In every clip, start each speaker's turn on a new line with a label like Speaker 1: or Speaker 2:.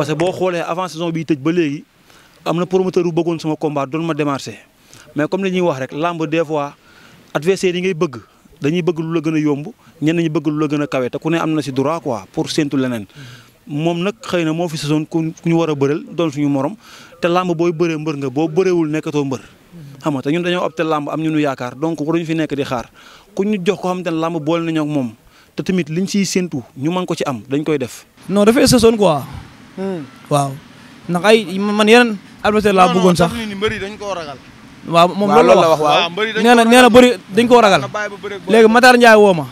Speaker 1: parce que boo xoolee avant saison bi tëj ba léegi am na promoteur bu bëggoon sama combat doon ma démarché mais comme li ñuy wax rek làmb des fois adversaire yi ngay bëgg dañuy bëgg lu la gën a yomb ñenn ñi bëgg lu la gën a kawe te ku ne am na si droit quoi pour séntu leneen. moom nag xëy na moo fi saison ku ñu war a bëreel doon suñu morom te làmb booy bëree mbër nga boo bëreewul nekkatoo mbër. xam nga te ñun dañoo opté làmb am ñu nu yaakaar donc waruñu fi nekk di xaar ku ñu jox ko xam te ne làmb boole nañoo ak moom ñu mën ko ci am dañ koy def. non
Speaker 2: dafay waaw ndax ay man yeneen adversaire laa bëggoon sax
Speaker 1: mbëri dañ koo ragal
Speaker 2: waaw moom loolu la wax waaw
Speaker 1: nee na nee na bëri
Speaker 2: dañ koo ragal léegi Matar Ndiaye woo ma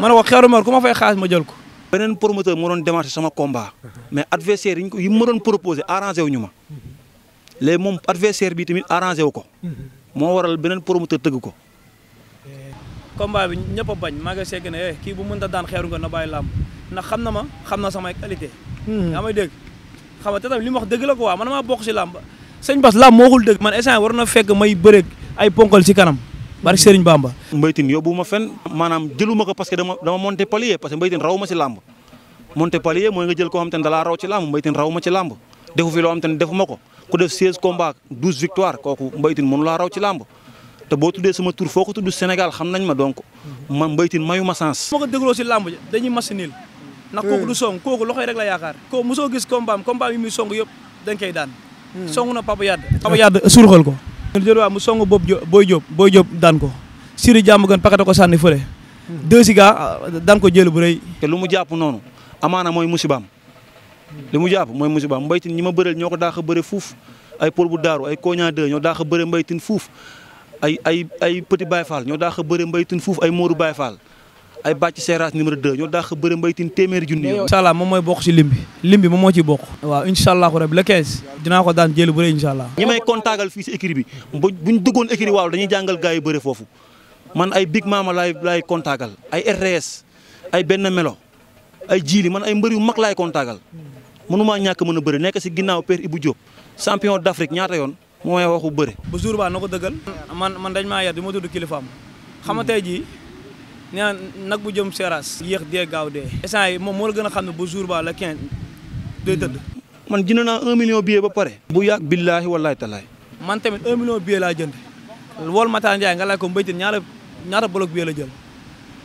Speaker 2: ma ne ko Xeeru Mor ku ma fay xaalis ma jël ko beneen promoteur moo doon démarché sama
Speaker 1: combat mais adversaire yi ko yi ma doon proposé arrangé wu ñu ma léegi moom adversaire bi tamit arrangé wu ko moo waral beneen promoteur tëgg ko
Speaker 2: combat bi ñëpp a bañ maa ngi segg ne eh, kii bu mënta daan xeeru nga na bàyyi làmb ndax xam na ma xam na samay qualité hmm. yaa xam nga te tamit li mu dëgg la ko waa man maa bokk si làmb sëñ Bas làmb moo xul dëgg man instant war na fekk may bëreeg ay ponkal si kanam barke Serigne Bamba mbaytin yóbbu ma fen
Speaker 1: maanaam jëluma ko parce que dama dama monté palier parce que mbaytin raw ma si làmb monté palier mooy nga jël koo xam te ne dalaa raw ci làmb mbaytin raw ma ci làmb defu fi loo xam te ne ko ku def 16 combats 12 victoire kooku mbaytin mënu laa raw ci làmb te boo tuddee sama tur foo ko tudd Sénégal xam nañ ma donc
Speaker 2: man mbaytin mayu ma sens ma ko dégloo si làmb dañuy ndax kooku du hmm. song kooku loxoy rek la yaakaar koo mosoo gis combat combat yi muy song yëpp dañ koy daan hmm. song na Papa Yade Papa Yade surxal ko jëlwaa mu song boobu Boy Diop Boy Diop daan ko siri jàmm gën pakate ko sànni fële hmm. deux siga ah, daan ko jël bu rëy te lu mu jàpp noonu amaana mooy musibaam
Speaker 1: li mu jàpp mooy musibaam mbaytin ñi ma bëreel ñoo ko daax a bëre ay pol bu daaru ay koña deux ñoo daax a bëre mbaytin fuuf ay ay ay petit Baye Fall ñoo daax a mbaytin fuuf ay Modou Baye Fall ay bàcc seeraas numéro 2 ñoo dàq bëri mbaytin téeméeri junni yow incha
Speaker 2: allah moom mooy bokk si lim bi lim moom moo ciy bokk waaw incha allah ko rek dinaa ko daan jël bëri incha allah ñi
Speaker 1: may kontaagal fii si écrit bi buñ duggoon écrit waaw dañuy jàngal gars yi foofu man ay big mama laay kontaagal ay RTS ay benn melo ay jiili man ay mbër yu mag laay kontaagal mënumaa ñàkk mën a bëri nekk si ginnaaw Père Ibou Diop champion d'Afrique ñaata yoon moo may waxu bëri.
Speaker 2: bu jour ba na ko dëggal. man man dañ ma tudd kilifaam nee na nag bu jëm seeraas yéex dee gaaw dee instant yi moom moo la gën a xam ne ba jour baa la quinze day tëdd
Speaker 1: man jënd naa un million billet ba pare bu yàgg billaahi wallaahi talaay
Speaker 2: man tamit un million billet laa jënd wol Matar Ndiaye nga laaj ko mbaytin ñaata ñaata bloc billet la jël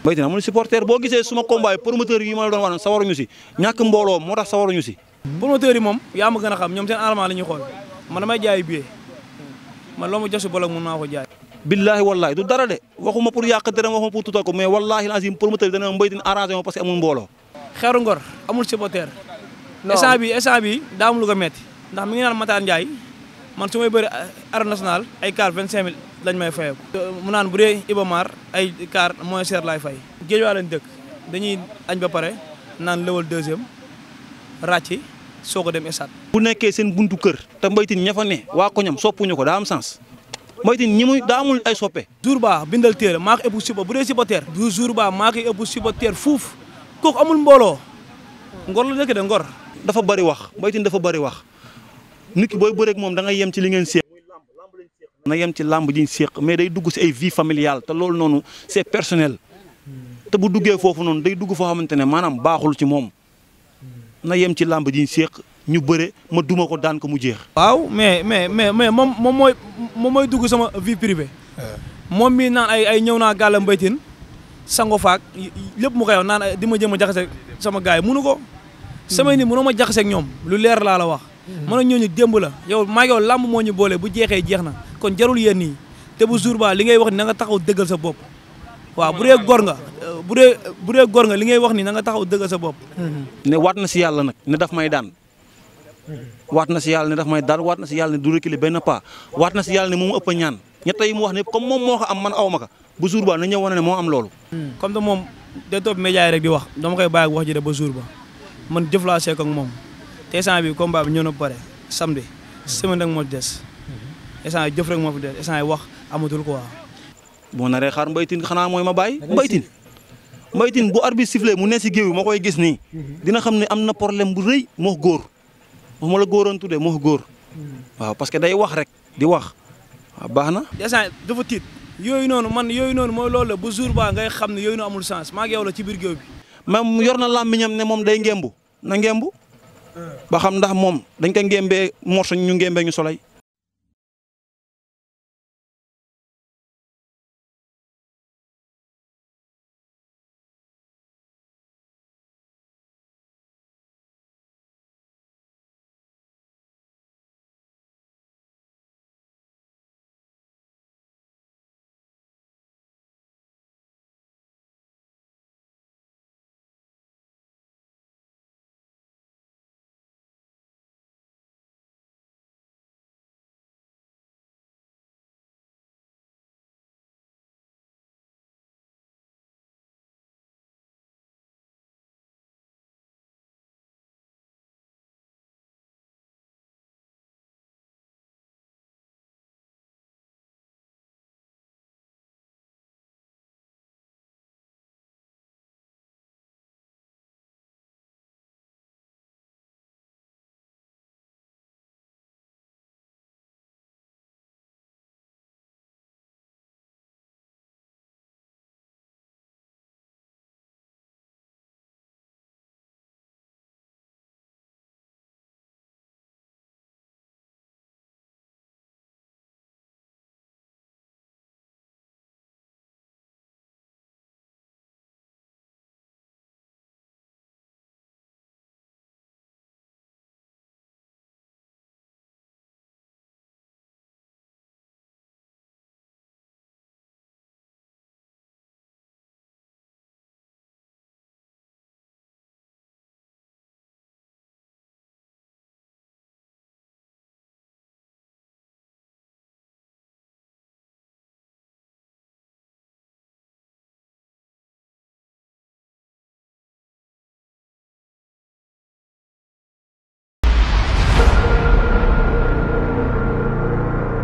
Speaker 1: mbaytin amul supporter boo gisee suma combat yi promoteur yi ma la doon wax sawaruñu si ñàkk mbooloo moo tax
Speaker 2: sawaruñu si promoteur yi moom yaa ma gën a xam ñoom seen arrangement la ñu xool man damay jaay billet man loo ma josu bloc mën naa ko jaay billaahi wallaahi du dara de waxuma pour yàq dërëm waxuma pour tutal
Speaker 1: ko mais wallaahi lazim promoteur bi dana mbéy din arrangé ma que amul mbooloo. xeeru ngor amul supporter.
Speaker 2: non instant bi instant bi daa am lu ndax mi ngi naan Matar Ndiaye man su may bëri arène nationale ay car 25000 lañ may fayoo. mu naan bu dee Ibamar ay car moins cher laay fay. géej lañ dëkk dañuy añ ba pare naan lewal deuxième ràcc soo ko dem stade.
Speaker 1: bu nekkee seen buntu kër
Speaker 2: te mbaytin ña fa ne waa koñam soppuñu ko daa am sens. moytin ñi muy daa amul ay soppe jour ba bindal téere maa ko ëpp bu dee supporter bu jour ba maa koy ëpp supporter fuuf kooku amul mbooloo ngor la dëkk de ngor
Speaker 1: dafa bëri wax moytin dafa bëri wax nit ki booy bëreeg moom da nga yem ci li ngeen séq na yem ci làmb jiñ séq mais day dugg si ay vie familiale te loolu noonu c'est personnel te bu duggee foofu noonu day dugg foo xamante ne maanaam baaxul ci moom na yem ci làmb jiñ séq ñu bëre ma duma ko daan ko mu jeex. waaw mais mais mais mais moom moom
Speaker 2: mooy moom mooy dugg sama vie privée. moom mii naan ay ay ñëw naa gàlla mbaytin sango faak lépp mu koy wax naan di ma jëm a jaxase sama gars yi munu ko. samay nit mënoo ma jaxaseeg ñoom lu leer laa la wax. mën mm-hmm. a ñooñu démb la yow maa yow làmb moo ñu boole bu jeexee jeex na kon jarul yéen nii te bu jour ba li ngay wax ni na nga taxaw dëggal sa bopp. waaw bu dee góor nga bu dee bu dee góor nga li ngay wax nii na nga taxaw dëggal sa bopp. Mm-hmm. ne waat na si yàlla nag
Speaker 1: ne daf may daan. waat na si yàlla ne daf may daan waat na si yàlla ne du reculer benn pas waat na si yàlla ne moom ëpp a ñaan ñett yi mu wax ne comme moom moo ko am man aw ma ko bu jour ba na ñëw wane ne moo am loolu.
Speaker 2: comme que moom day topp média yi rek di wax dama koy bàyyi wax ji de ba jour ba man jëf laa seq ak moom te instant bi combat bi ñëw na pare samedi semaine rek moo ci des instant jëf rek moo fi des instant wax amatul quoi.
Speaker 1: boo naree xaar mbaytin xanaa mooy ma bàyyi mbaytin mbaytin bu arbitre sifflé mu ne si géew bi ma koy gis nii dina xam ne am na problème bu rëy moo góor waxuma la góoroon tuddee moo góor hmm. waaw parce que day wax rek di wax
Speaker 2: baax na. instant dafa tiit yooyu noonu man yooyu noonu mooy loolu la bu jour ba ngay xam ne yooyu noonu amul sens maa ngi yow la ci biir géew bi. même yor na làmmiñam ne moom day ngembu na ngembu
Speaker 1: hmm. ba xam ndax moom dañ ko ngembee morso ñu ngembee ñu soleil